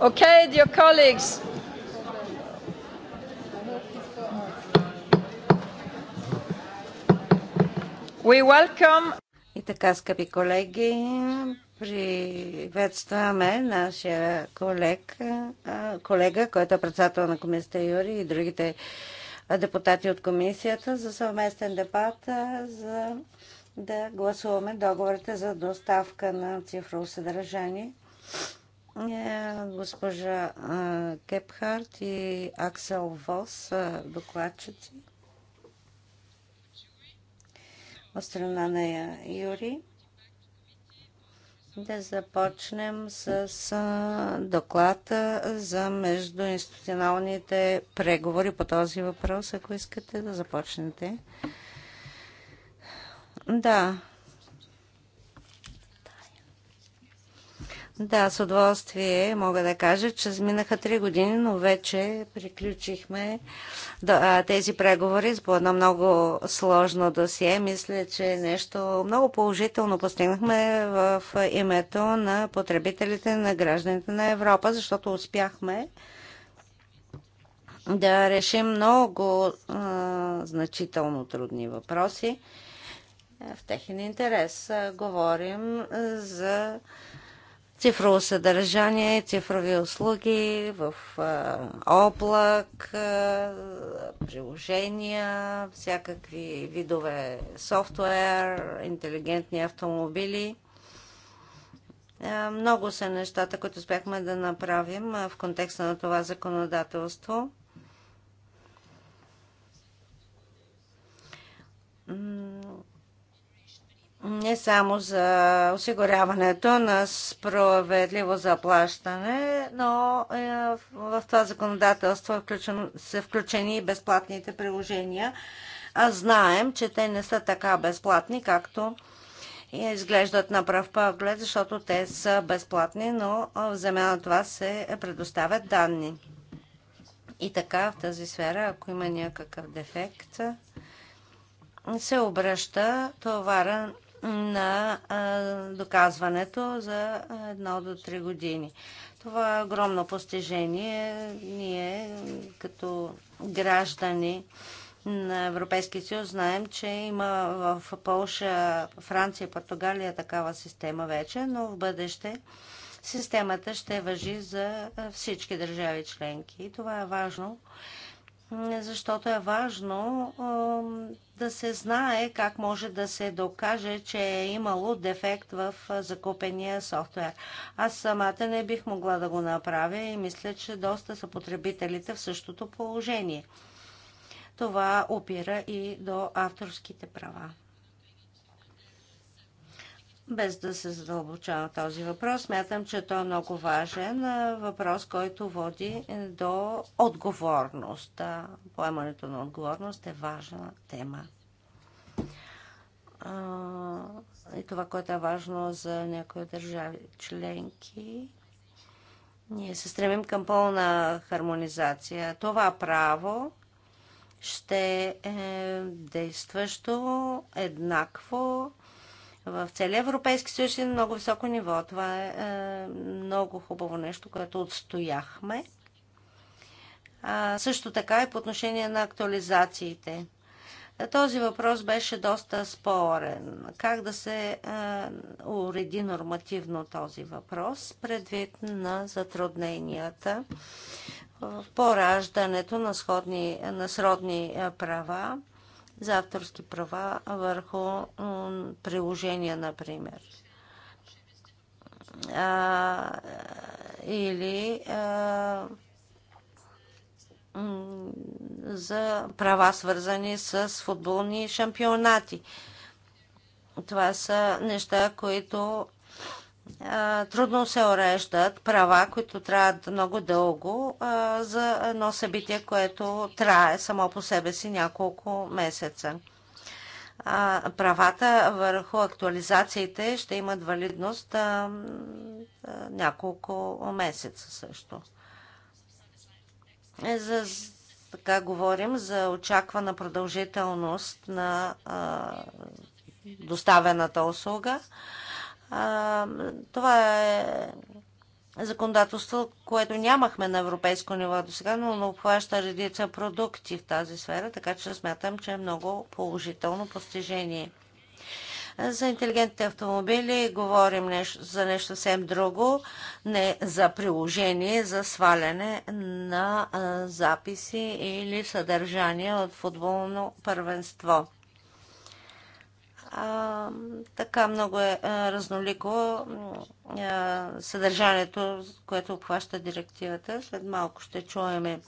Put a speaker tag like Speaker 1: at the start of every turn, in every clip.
Speaker 1: Okay, dear colleagues. We welcome... И така, скъпи колеги, приветстваме нашия колег, колега, който е председател на комисията Юри и другите депутати от комисията за съвместен дебат за да гласуваме договорите за доставка на цифрово съдържание е, госпожа Кепхарт и Аксел Вос, докладчици от страна на Юри. Да започнем с доклада за междуинституционалните преговори по този въпрос, ако искате да започнете. Да, Да, с удоволствие мога да кажа, че минаха три години, но вече приключихме да, тези преговори по едно много сложно досие. Мисля, че нещо много положително постигнахме в името на потребителите, на гражданите на Европа, защото успяхме да решим много а, значително трудни въпроси в техен интерес. Говорим за цифрово съдържание, цифрови услуги в облак, приложения, всякакви видове софтуер, интелигентни автомобили. Много са нещата, които успяхме да направим в контекста на това законодателство. не само за осигуряването на справедливо заплащане, но е, в това законодателство е са включени и безплатните приложения. А знаем, че те не са така безплатни, както изглеждат на пръв поглед, защото те са безплатни, но в замяна на това се предоставят данни. И така в тази сфера, ако има някакъв дефект, се обръща товара на доказването за едно до три години. Това е огромно постижение. Ние като граждани на Европейския съюз знаем, че има в Полша, Франция, Португалия такава система вече, но в бъдеще системата ще въжи за всички държави членки. И това е важно защото е важно да се знае как може да се докаже, че е имало дефект в закупения софтуер. Аз самата не бих могла да го направя и мисля, че доста са потребителите в същото положение. Това опира и до авторските права. Без да се задълбочава този въпрос, смятам, че той е много важен въпрос, който води до отговорност. Поемането на отговорност е важна тема. И това, което е важно за някои държави членки, ние се стремим към пълна хармонизация. Това право ще е действащо еднакво в целия Европейски съюз и на много високо ниво. Това е, е много хубаво нещо, което отстояхме. А, също така и по отношение на актуализациите. Този въпрос беше доста спорен. Как да се е, уреди нормативно този въпрос, предвид на затрудненията в пораждането на, сходни, на сродни е, права за авторски права върху приложения, например. А, или а, за права, свързани с футболни шампионати. Това са неща, които трудно се уреждат права, които траят много дълго за едно събитие, което трае само по себе си няколко месеца. правата върху актуализациите ще имат валидност няколко месеца също. Е, за, така говорим за очаквана продължителност на доставената услуга. А, това е законодателство, което нямахме на европейско ниво до сега, но обхваща редица продукти в тази сфера, така че смятам, че е много положително постижение. За интелигентните автомобили говорим нещо, за нещо съвсем друго, не за приложение, за сваляне на а, записи или съдържание от футболно първенство. А, така много е а, е, разнолико а, е, съдържанието, което обхваща директивата. След малко ще чуем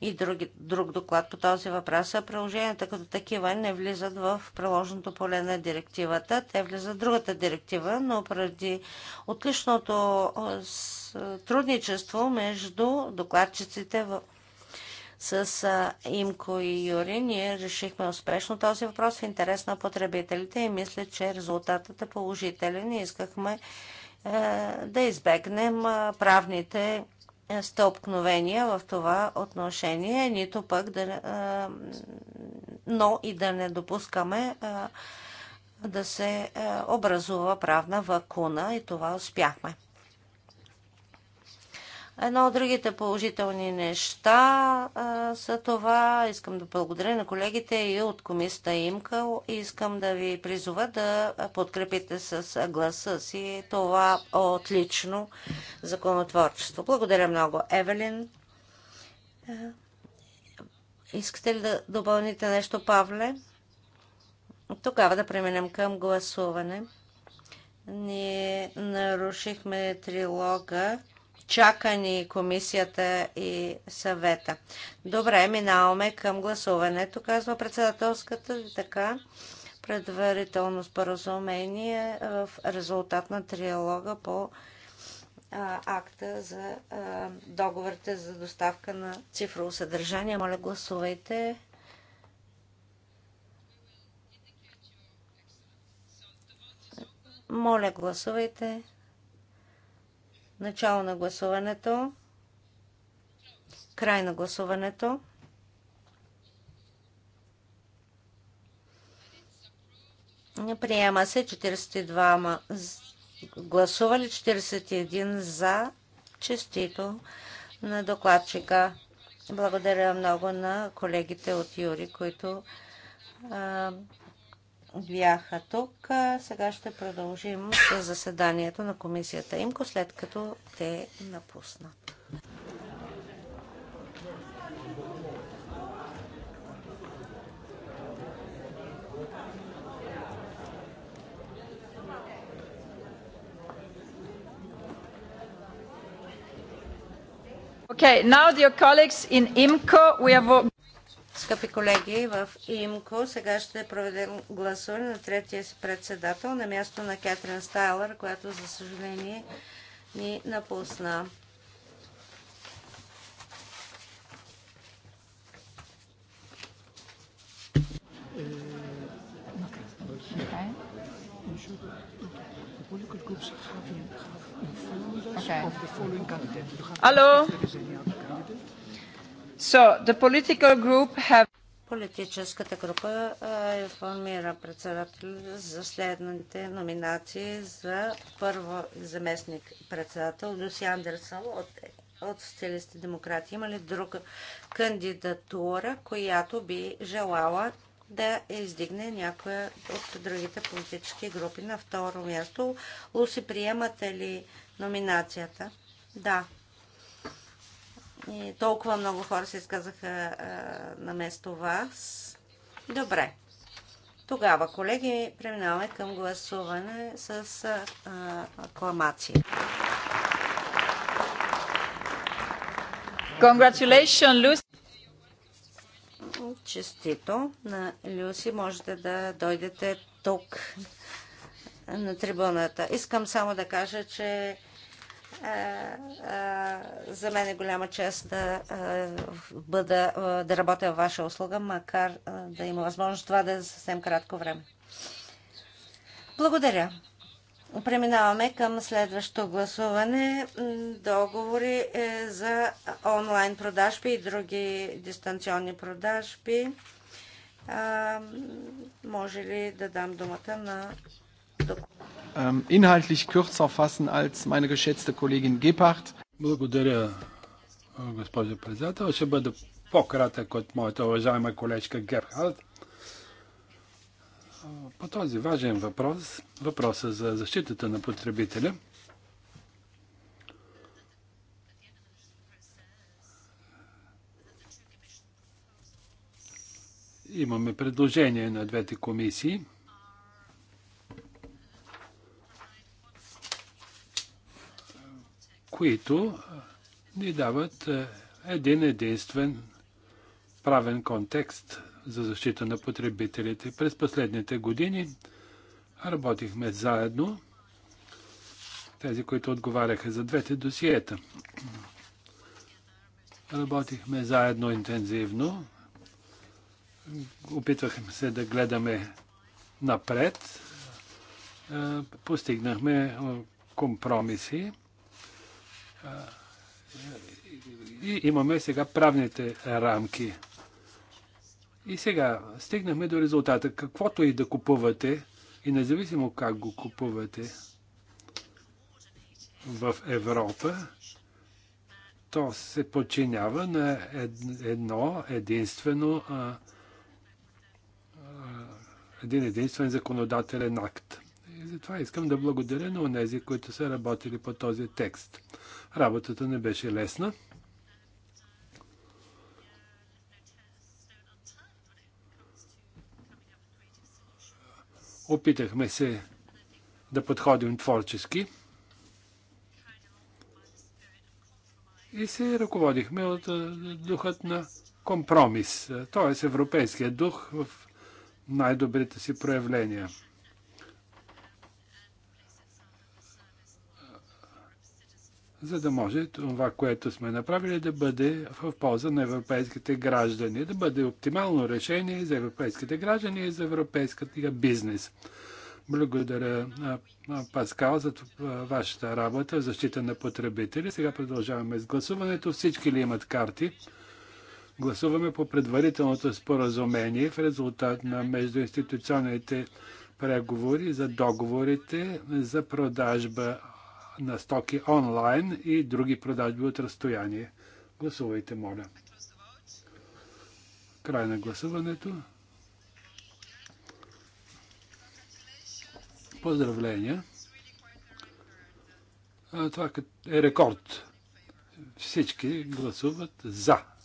Speaker 1: и други, друг доклад по този въпрос. А приложенията като такива не влизат в приложното поле на директивата. Те влизат в другата директива, но преди отличното е, трудничество между докладчиците в с Имко и Юри. Ние решихме успешно този въпрос в интерес на потребителите и мисля, че резултатът е положителен и искахме а, да избегнем правните стълкновения в това отношение, нито пък да, а, но и да не допускаме а, да се образува правна вакуна и това успяхме. Едно от другите положителни неща а, са това. Искам да благодаря на колегите и от комиста ИМКАЛ. Искам да ви призова да подкрепите с гласа си това отлично законотворчество. Благодаря много, Евелин. Искате ли да допълните нещо, Павле? Тогава да преминем към гласуване. Ние нарушихме трилога чакани комисията и съвета. Добре, минаваме към гласуването, казва председателската. Така, предварително споразумение в резултат на триалога по а, акта за а, договорите за доставка на цифрово съдържание. Моля, гласувайте. Моля, гласувайте. Начало на гласуването. Край на гласуването. Приема се 42 гласували, 41 за. Честито на докладчика. Благодаря много на колегите от Юри, които а, бяха тук. Сега ще продължим с заседанието на комисията Имко, след като те напуснат. Okay, now dear colleagues in IMCO, we have Скъпи колеги, в ИМКО сега ще проведем гласуване на третия си председател на място на Кетрин Стайлър, която за съжаление ни напусна.
Speaker 2: Okay.
Speaker 1: So, the political group have... Политическата група информира председателя за следните номинации за първо заместник председател Люси Андерсон от, от Социалисти демократи. Има ли друга кандидатура, която би желала да издигне някоя от другите политически групи? На второ място, Луси, приемате ли номинацията? Да. И толкова много хора се изказаха на место вас. Добре. Тогава, колеги, преминаваме към гласуване с а, акламация. Congratulations, Lucy! Честито на Люси. Можете да дойдете тук на трибуната. Искам само да кажа, че е, е, за мен е голяма чест да е, бъда, да работя във ваша услуга, макар да има възможност това да е за съвсем кратко време. Благодаря. Преминаваме към следващото гласуване. Договори за онлайн продажби и други дистанционни продажби. А, може ли да дам думата на
Speaker 2: доклад? Ähm, inhaltlich kürzer fassen als meine geschätzte Kollegin Gebhardt. Благодаря, госпожо председател. Ще бъда по-кратък от моята уважаема колежка Герхард. По този важен въпрос, въпроса за защитата на потребителя, имаме предложение на двете комисии – които ни дават един единствен правен контекст за защита на потребителите. През последните години работихме заедно, тези, които отговаряха за двете досиета. Работихме заедно интензивно, опитвахме се да гледаме напред, постигнахме компромиси. И имаме сега правните рамки. И сега стигнахме до резултата. Каквото и да купувате, и независимо как го купувате в Европа, то се подчинява на едно единствено, един единствен законодателен акт. Затова искам да благодаря на онези, които са работили по този текст. Работата не беше лесна. Опитахме се да подходим творчески и се ръководихме от духът на компромис, т.е. европейския дух в най-добрите си проявления. за да може това, което сме направили, да бъде в полза на европейските граждани, да бъде оптимално решение за европейските граждани и за европейския бизнес. Благодаря, Паскал, за вашата работа в защита на потребители. Сега продължаваме с гласуването. Всички ли имат карти? Гласуваме по предварителното споразумение в резултат на междуинституционните преговори за договорите за продажба на стоки онлайн и други продажби от разстояние. Гласувайте, моля. Край на гласуването. Поздравления. това е, е рекорд. Всички гласуват за